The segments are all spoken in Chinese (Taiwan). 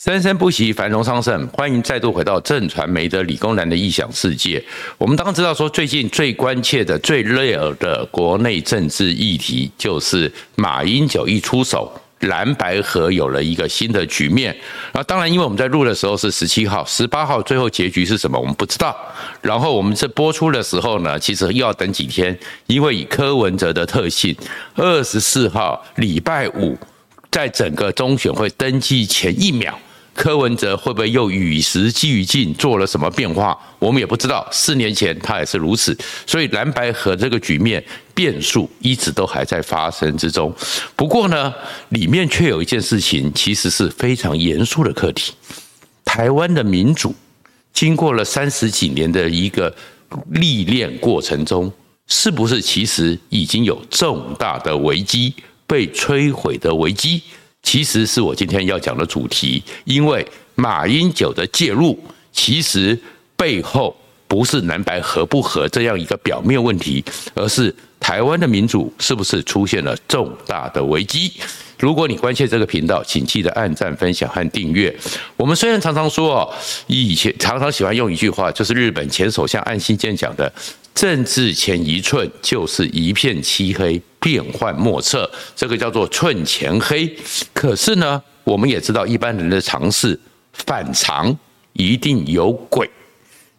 生生不息，繁榮昌盛。歡迎再度回到震傳媒的理工男的異想世界。我們當然知道說，最近最關切的、最熱耳的國內政治議題，就是馬英九一出手，藍白合有了一個新的局面。啊，當然，因為我們在錄的時候是十七號、十八號，最後結局是什麼我們不知道。然後我們這播出的時候呢，其實又要等幾天，因為以柯文哲的特性，二十四號禮拜五，在整個中選會登記前一秒。柯文哲會不會又與時俱進做了什麼變化？我們也不知道。四年前他也是如此，所以藍白合這個局面變數一直都還在發生之中。不過呢，裡面卻有一件事情，其實是非常嚴肅的課題：台灣的民主，經過了三十幾年的一個歷練過程中，是不是其實已經有重大的危機、被摧毀的危機？其實是我今天要講的主題，因為馬英九的介入，其實背後不是藍白合不合這樣一個表面問題，而是台灣的民主是不是出現了重大的危機？如果你關切這個頻道，請記得按讚、分享和訂閱。我們雖然常常說哦，以前常常喜歡用一句話，就是日本前首相岸信介講的：“政治前一寸就是一片漆黑。”變幻莫測，這個叫做“寸前黑”。可是呢，我們也知道，一般人的常識，反常一定有鬼。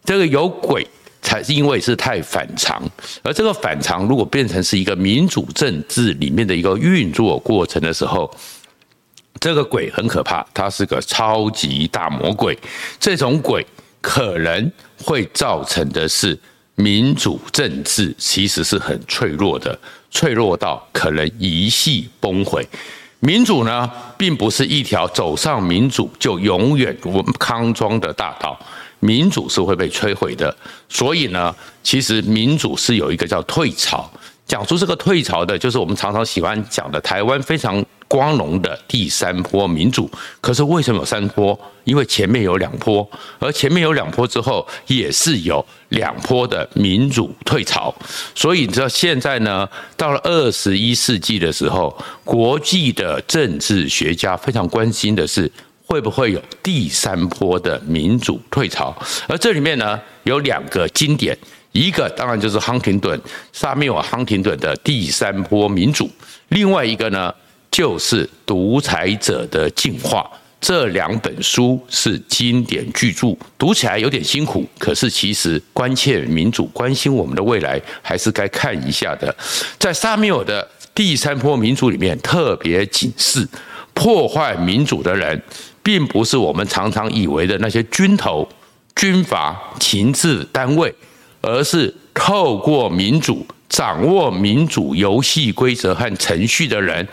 這個有鬼，才是因為是太反常。而這個反常，如果變成是一個民主政治裡面的一個運作過程的時候，這個鬼很可怕，它是個超級大魔鬼。這種鬼可能會造成的是，民主政治其實是很脆弱的。脆弱到可能一夕崩毀，民主呢，並不是一條走上民主就永遠穩康莊的大道，民主是會被摧毀的，所以呢，其實民主是有一個叫退潮。講出這個退潮的，就是我們常常喜歡講的台灣非常。光榮的第三波民主，可是為什麼有三波？因為前面有兩波，而前面有兩波之後，也是有兩波的民主退潮。所以你知道現在呢，到了二十一世紀的時候，國際的政治學家非常關心的是，會不會有第三波的民主退潮？而這裡面呢，有兩個經典，一個當然就是亨廷頓沙米爾·亨廷頓的第三波民主，另外一個呢？就是獨裁者的進化，這兩本書是經典巨著，讀起來有點辛苦。可是其實關切民主、關心我們的未來，還是該看一下的。在薩繆爾的《第三波民主》裡面，特別警示：破壞民主的人，並不是我們常常以為的那些軍頭、軍閥、情治單位，而是透過民主掌握民主遊戲規則和程序的人。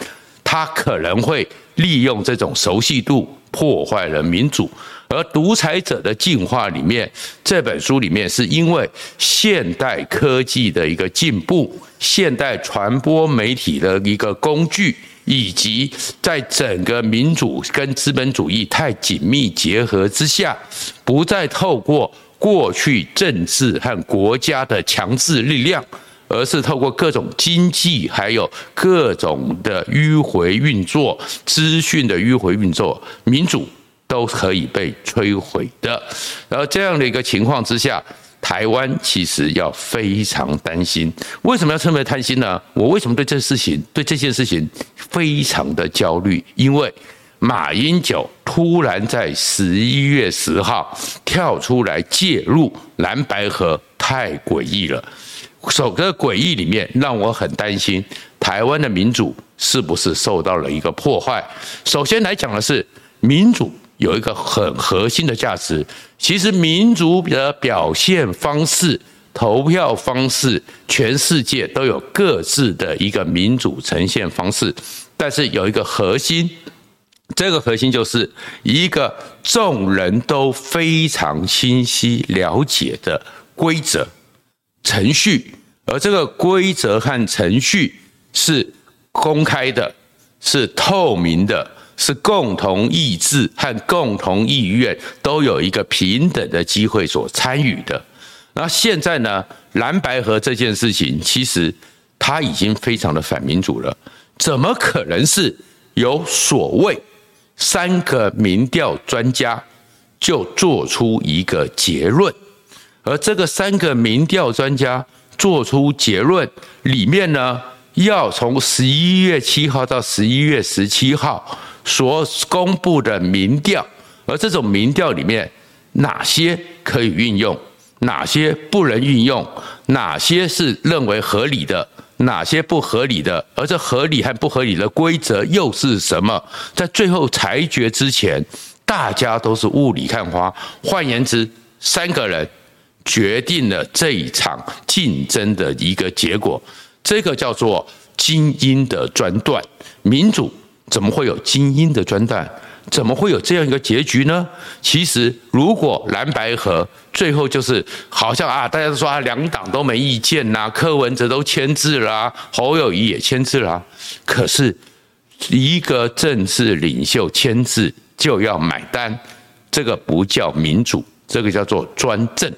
他可能會利用這種熟悉度破壞了民主，而獨裁者的進化裡面這本書裡面是因為現代科技的一個進步、現代傳播媒體的一個工具，以及在整個民主跟資本主義太緊密結合之下，不再透過過去政治和國家的強制力量。而是透過各種經濟，還有各種的迂迴運作、資訊的迂迴運作、民主都可以被摧毀的。然後這樣的一個情況之下，台灣其實要非常擔心。為什麼要特別擔心呢？我為什麼對這事情、對這件事情非常的焦慮？因為馬英九突然在十一月十號跳出來介入藍白合，太詭異了。首、這個詭異裡面，讓我很擔心台灣的民主是不是受到了一個破壞。首先來講的是民主有一個很核心的價值，其實民主的表現方式、投票方式，全世界都有各自的一個民主呈現方式，但是有一個核心，這個核心就是一個眾人都非常清晰了解的規則程序，而這個規則和程序是公開的，是透明的，是共同意志和共同意願都有一個平等的機會所參與的。那現在呢？藍白合這件事情，其實他已經非常的反民主了，怎麼可能是由所謂三個民調專家就做出一個結論？而這個三個民調專家。做出結論，裡面呢，要從十一月七號到十一月十七號所公布的民調，而這種民調裡面哪些可以運用，哪些不能運用，哪些是認為合理的，哪些不合理的，而這合理和不合理的規則又是什麼？在最後裁決之前，大家都是霧裡看花。換言之，三個人。決定了這一場競爭的一個結果，這個叫做精英的專斷。民主怎麼會有精英的專斷？怎麼會有這樣一個結局呢？其實，如果藍白合最後就是好像啊，大家都說啊，兩黨都沒意見吶、啊，柯文哲都簽字啦、啊，侯友宜也簽字啦、啊。可是，一個政治領袖簽字就要買單，這個不叫民主，這個叫做專政。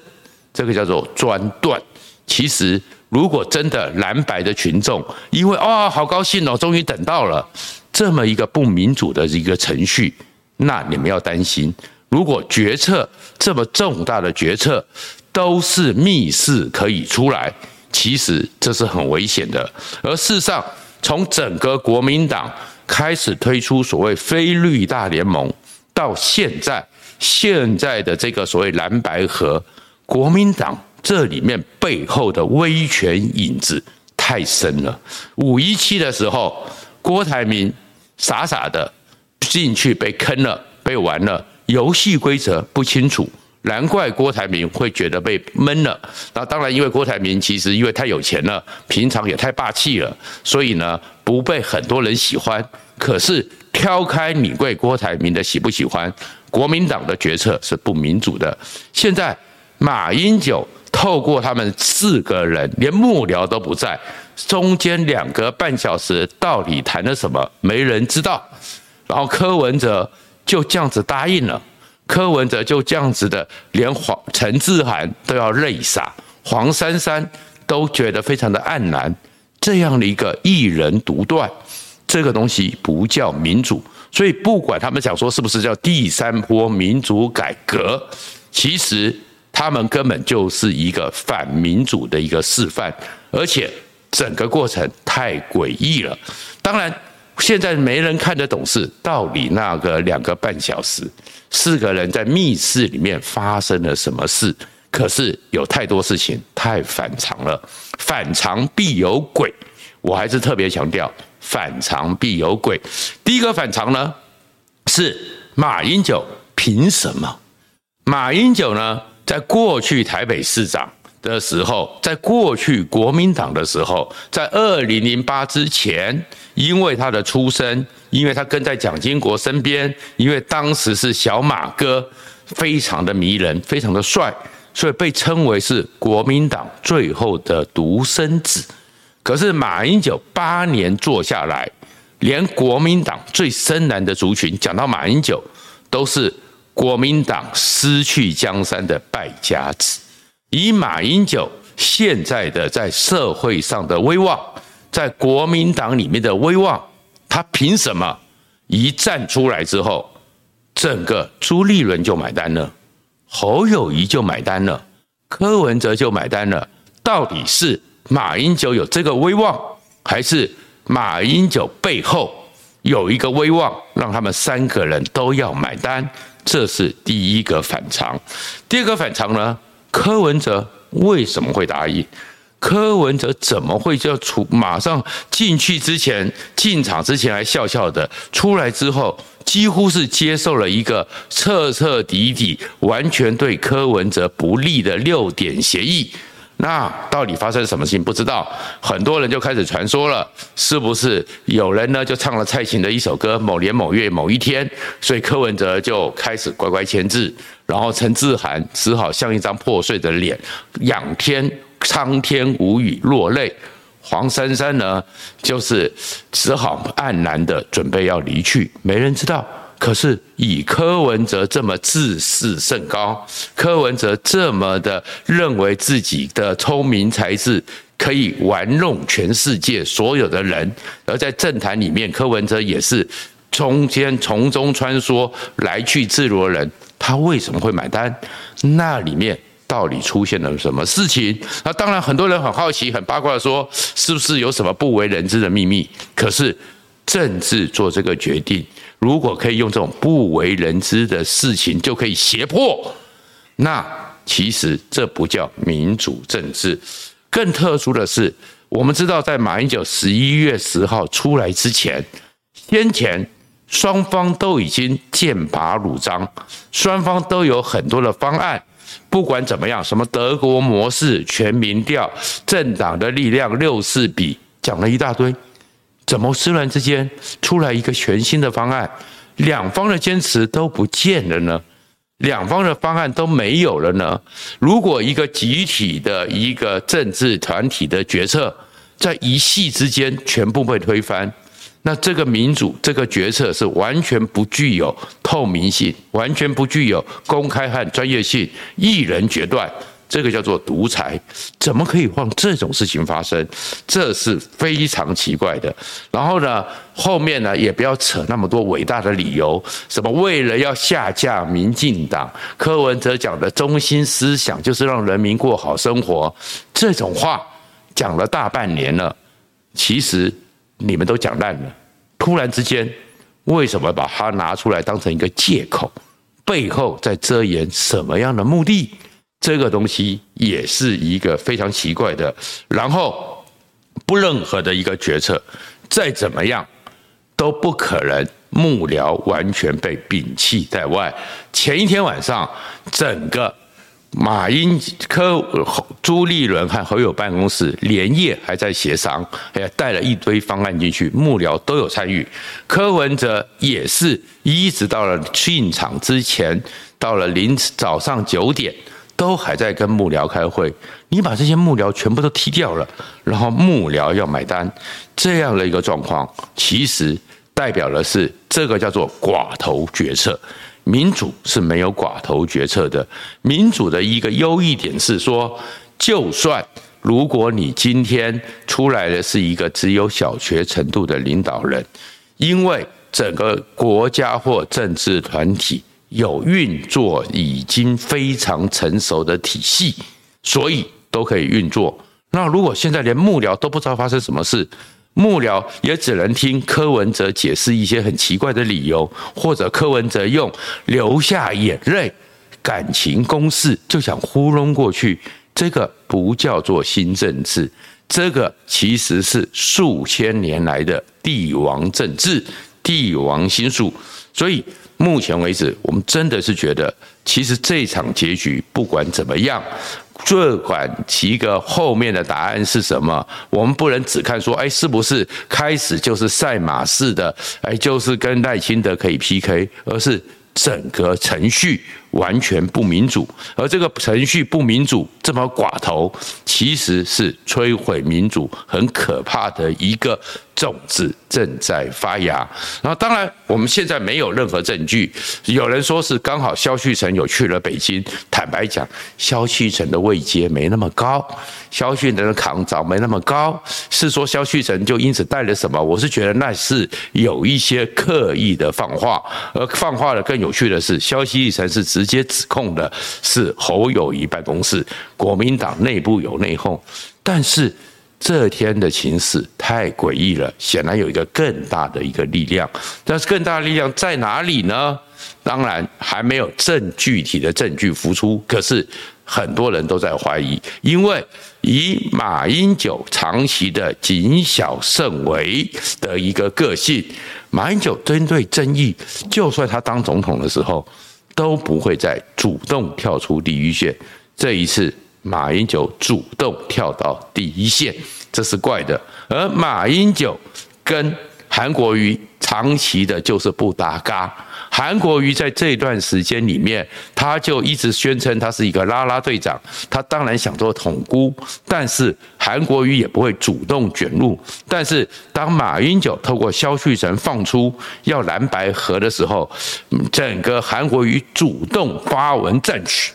這個叫做專斷。其實，如果真的藍白的群眾，因為啊、哦、好高興哦，終於等到了這麼一個不民主的一個程序，那你們要擔心。如果決策這麼重大的決策都是密室可以出來，其實這是很危險的。而事實上，從整個國民黨開始推出所謂非綠大聯盟，到現在現在的這個所謂藍白合。國民黨這裡面背後的威權影子太深了。五一七的時候，郭台銘傻傻的進去被坑了，被玩了，遊戲規則不清楚，難怪郭台銘會覺得被悶了。那當然，因為郭台銘其實因為太有錢了，平常也太霸氣了，所以呢，不被很多人喜歡。可是挑開你對郭台銘的喜不喜歡，國民黨的決策是不民主的。現在。馬英九透過他們四個人，連幕僚都不在，中間兩個半小時到底談了什麼，沒人知道。然後柯文哲就這樣子答應了，柯文哲就這樣子的，連黃陳智菡都要淚灑，黃珊珊都覺得非常的黯然。這樣的一個一人獨斷，這個東西不叫民主。所以不管他們想說是不是叫第三波民主改革，其實。他們根本就是一個反民主的一個示範，而且整個過程太詭異了。當然，現在沒人看得懂是到底那個兩個半小時四個人在密室裡面發生了什麼事。可是有太多事情太反常了，反常必有鬼。我還是特別強調，反常必有鬼。第一個反常呢，是馬英九憑什麼？馬英九呢？在過去台北市長的時候，在過去國民黨的時候，在二零零八之前，因為他的出生，因為他跟在蔣經國身邊，因為當時是小馬哥，非常的迷人，非常的帥，所以被稱為是國民黨最後的獨生子。可是馬英九八年坐下來，連國民黨最深藍的族群，講到馬英九，都是。國民黨失去江山的敗家子。以馬英九現在的在社會上的威望，在國民黨裡面的威望，他憑什麼一站出來之後，整個朱立倫就買單了，侯友宜就買單了，柯文哲就買單了？到底是馬英九有這個威望，還是馬英九背後有一個威望，讓他們三個人都要買單？這是第一個反常，第二個反常呢？柯文哲為什麼會答應？柯文哲怎麼會就出馬上進去之前進場之前還笑笑的，出來之後幾乎是接受了一個徹徹底底、完全對柯文哲不利的六點協議。那到底發生什麼事情？不知道，很多人就開始傳說了，是不是有人呢就唱了蔡琴的一首歌，某年某月某一天，所以柯文哲就開始乖乖簽字，然後陳智菡只好像一張破碎的臉，仰天蒼天無語落淚，黃珊珊呢，就是只好黯然的準備要離去，沒人知道。可是以柯文哲這麼自視甚高，柯文哲這麼的認為自己的聰明才智可以玩弄全世界所有的人，而在政壇裡面，柯文哲也是中間從中穿梭來去自如的人，他為什麼會買單？那裡面到底出現了什麼事情？那當然很多人很好奇，很八卦地說是不是有什麼不為人知的祕密？可是。政治做這個決定，如果可以用這種不為人知的事情就可以脅迫，那其實這不叫民主政治。更特殊的是，我們知道在馬英九十一月十號出來之前，先前雙方都已經劍拔弩張，雙方都有很多的方案。不管怎麼樣，什麼德國模式、全民調、政黨的力量、六四比，講了一大堆。怎麼突然之間出來一個全新的方案？兩方的堅持都不見了呢？兩方的方案都沒有了呢？如果一個集體的一個政治團體的決策，在一夕之間全部被推翻，那這個民主，這個決策是完全不具有透明性，完全不具有公開和專業性，一人決斷。這個叫做獨裁，怎麼可以放這種事情發生？這是非常奇怪的。然後呢，後面呢也不要扯那麼多偉大的理由，什麼為了要下架民進黨，柯文哲講的中心思想就是讓人民過好生活，這種話講了大半年了，其實你們都講爛了。突然之間，為什麼把它拿出來當成一個借口？背後在遮掩什麼樣的目的？這個東西也是一個非常奇怪的，然後不任何的一個決策，再怎麼樣都不可能幕僚完全被摒棄在外。前一天晚上，整個馬英九、柯朱立倫和侯友辦公室連夜還在協商，也帶了一堆方案進去，幕僚都有參與。柯文哲也是一直到了進場之前，到了臨早上九點。都還在跟幕僚開會，你把這些幕僚全部都踢掉了，然後幕僚要買單，這樣的一個狀況，其實代表的是這個叫做寡頭決策。民主是沒有寡頭決策的。民主的一個優異點是說，就算如果你今天出來的是一個只有小學程度的領導人，因為整個國家或政治團體，有運作已經非常成熟的體系，所以都可以運作。那如果現在連幕僚都不知道發生什麼事，幕僚也只能聽柯文哲解釋一些很奇怪的理由，或者柯文哲用流下眼淚、感情攻勢就想糊弄過去，這個不叫做新政治，這個其實是數千年來的帝王政治、帝王心術。所以目前為止，我們真的是覺得，其實這場結局不管怎麼樣，不管其一個後面的答案是什麼，我們不能只看說，哎，是不是開始就是賽馬式的，哎，就是跟賴清德可以 PK，而是整個程序完全不民主，而這個程序不民主，這麼寡頭其實是摧毀民主很可怕的一個。種子正在發芽，然後當然我們現在沒有任何證據。有人說是剛好蕭旭岑有去了北京，坦白講，蕭旭岑的位階沒那麼高，蕭旭岑的抗早沒那麼高，是說蕭旭岑就因此帶了什麼？我是覺得那是有一些刻意的放話。而放話的更有趣的是，蕭旭岑是直接指控的是侯友宜辦公室，國民黨內部有內訌，但是。這天的情勢太詭異了，顯然有一個更大的一個力量，但是更大的力量在哪裡呢？當然還沒有正具體的證據浮出，可是很多人都在懷疑，因為以馬英九長期的謹小慎微的一個個性，馬英九針對爭議，就算他當總統的時候都不會再主動跳出第一線，這一次。馬英九主動跳到第一線，這是怪的。而馬英九跟韓國瑜長期的就是不搭嘎。韓國瑜在這段時間裡面，他就一直宣稱他是一個拉拉隊長，他當然想做統孤，但是韓國瑜也不會主動捲入。但是當馬英九透過蕭旭岑放出要藍白合的時候，整個韓國瑜主動發文讚許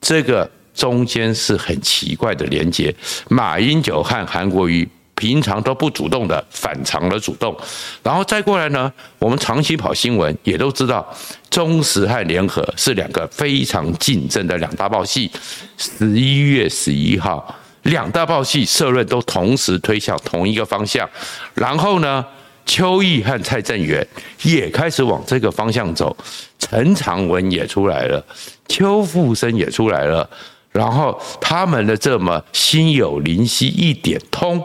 這個。中間是很奇怪的連接，馬英九和韓國瑜平常都不主動的，反常的主動，然後再過來呢，我們長期跑新聞也都知道，中時和聯合是兩個非常競爭的兩大報系。十一月十一號，兩大報系社論都同時推向同一個方向，然後呢，邱毅和蔡正元也開始往這個方向走，陳長文也出來了，邱復生也出來了。然後他們的這麼心有靈犀一點通，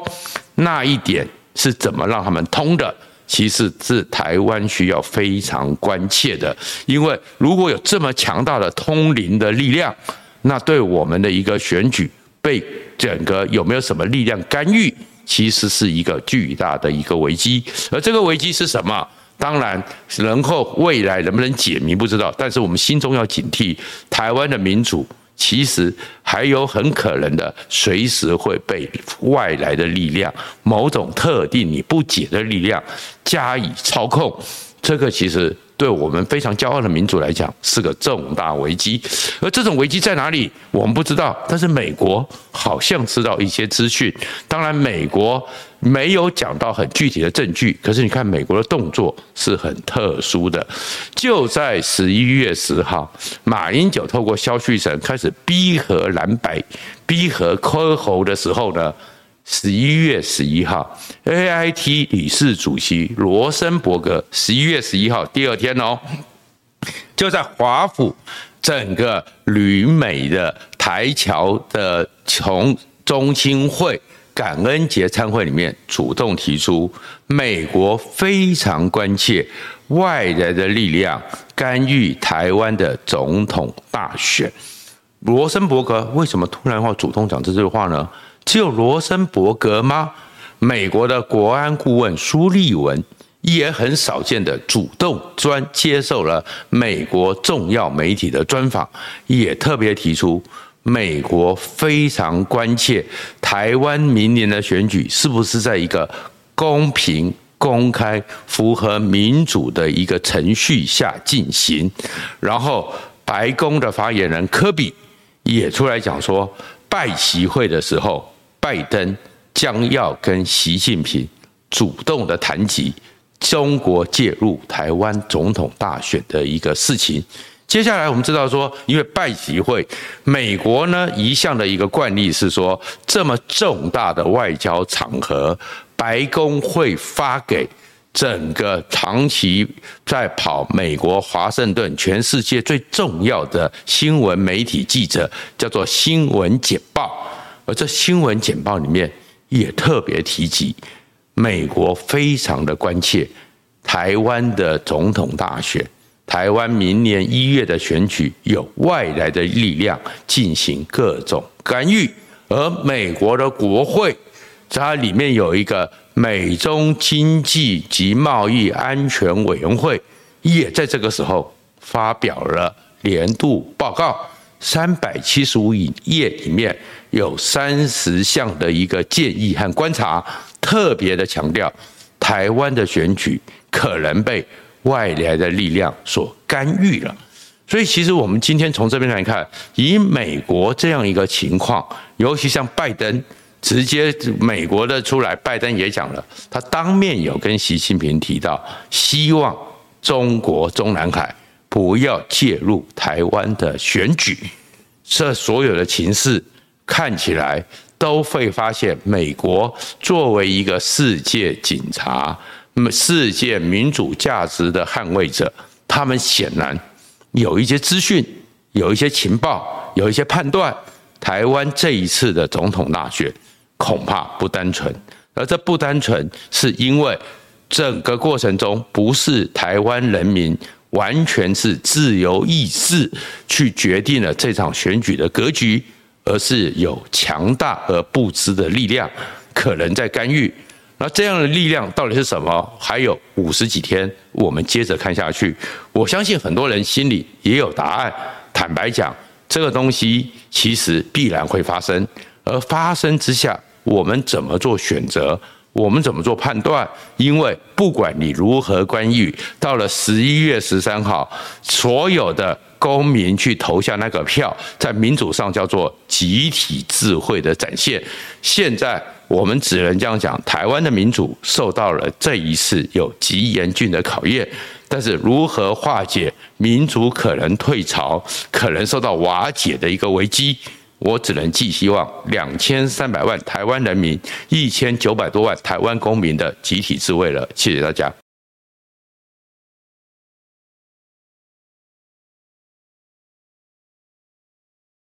那一點是怎麼讓他們通的？其實是台灣需要非常關切的，因為如果有這麼強大的通靈的力量，那對我們的一個選舉被整個有沒有什麼力量干預，其實是一個巨大的一個危機。而這個危機是什麼？當然，然後未來能不能解謎不知道，但是我們心中要警惕台灣的民主。其實還有很可能的，隨時會被外來的力量，某種特定你不解的力量加以操控。這個其實，對我們非常驕傲的民族來講，是個重大危機。而這種危機在哪裡，我們不知道。但是美國好像知道一些資訊。當然，美國沒有講到很具體的證據。可是你看，美國的動作是很特殊的。就在十一月十號，馬英九透過蕭旭岑開始逼和藍白，逼和柯侯的時候呢，十一月十一號，A I T 理事主席羅森伯格，十一月十一號第二天哦，就在華府，整個旅美的台僑的從中心會感恩節參會裡面，主動提出，美國非常關切外來的力量干預台灣的總統大選。羅森伯格為什麼突然要主動講這句話呢？只有羅森伯格嗎？美國的國安顧問蘇利文也很少見的主動專接受了美國重要媒體的專訪，也特別提出，美國非常關切台灣明年的選舉是不是在一個公平、公開、符合民主的一個程序下進行。然後，白宮的發言人科比也出來講說，拜習會的時候。拜登將要跟習近平主動地談及中國介入台灣總統大選的一個事情。接下來，我們知道說，因為拜集會，美國呢一向的一個慣例是說，這麼重大的外交場合，白宮會發給整個長期在跑美國華盛頓、全世界最重要的新聞媒體記者，叫做新聞簡報。而這新聞簡報裡面也特別提及，美國非常的關切台灣的總統大選，台灣明年一月的選舉有外來的力量進行各種干預，而美國的國會，它裡面有一個美中經濟及貿易安全委員會，也在這個時候發表了年度報告，三百七十五頁裡面。有三十項的一個建議和觀察，特別的強調，台灣的選舉可能被外來的力量所干預了。所以，其實我們今天從這邊來看，以美國這樣一個情況，尤其像拜登直接美國的出來，拜登也講了，他當面有跟習近平提到，希望中國中南海不要介入台灣的選舉，這所有的情勢。看起來都會發現，美國作為一個世界警察、世界民主價值的捍衛者，他們顯然有一些資訊、有一些情報、有一些判斷。台灣這一次的總統大選恐怕不單純，而這不單純是因為整個過程中不是台灣人民完全是自由意志去決定了這場選舉的格局。而是有強大而不知的力量可能在干預，那這樣的力量到底是什麼？還有五十幾天，我們接着看下去。我相信很多人心裡也有答案。坦白講，這個東西其實必然會發生。而發生之下，我們怎麼做選擇？我們怎麼做判斷？因為不管你如何干預，到了十一月十三號，所有的。公民去投下那個票，在民主上叫做集體智慧的展現。現在我們只能這樣講，台灣的民主受到了這一次有極嚴峻的考驗。但是如何化解民主可能退潮、可能受到瓦解的一個危機，我只能寄希望兩千三百萬台灣人民、一千九百多萬台灣公民的集體智慧了。謝謝大家。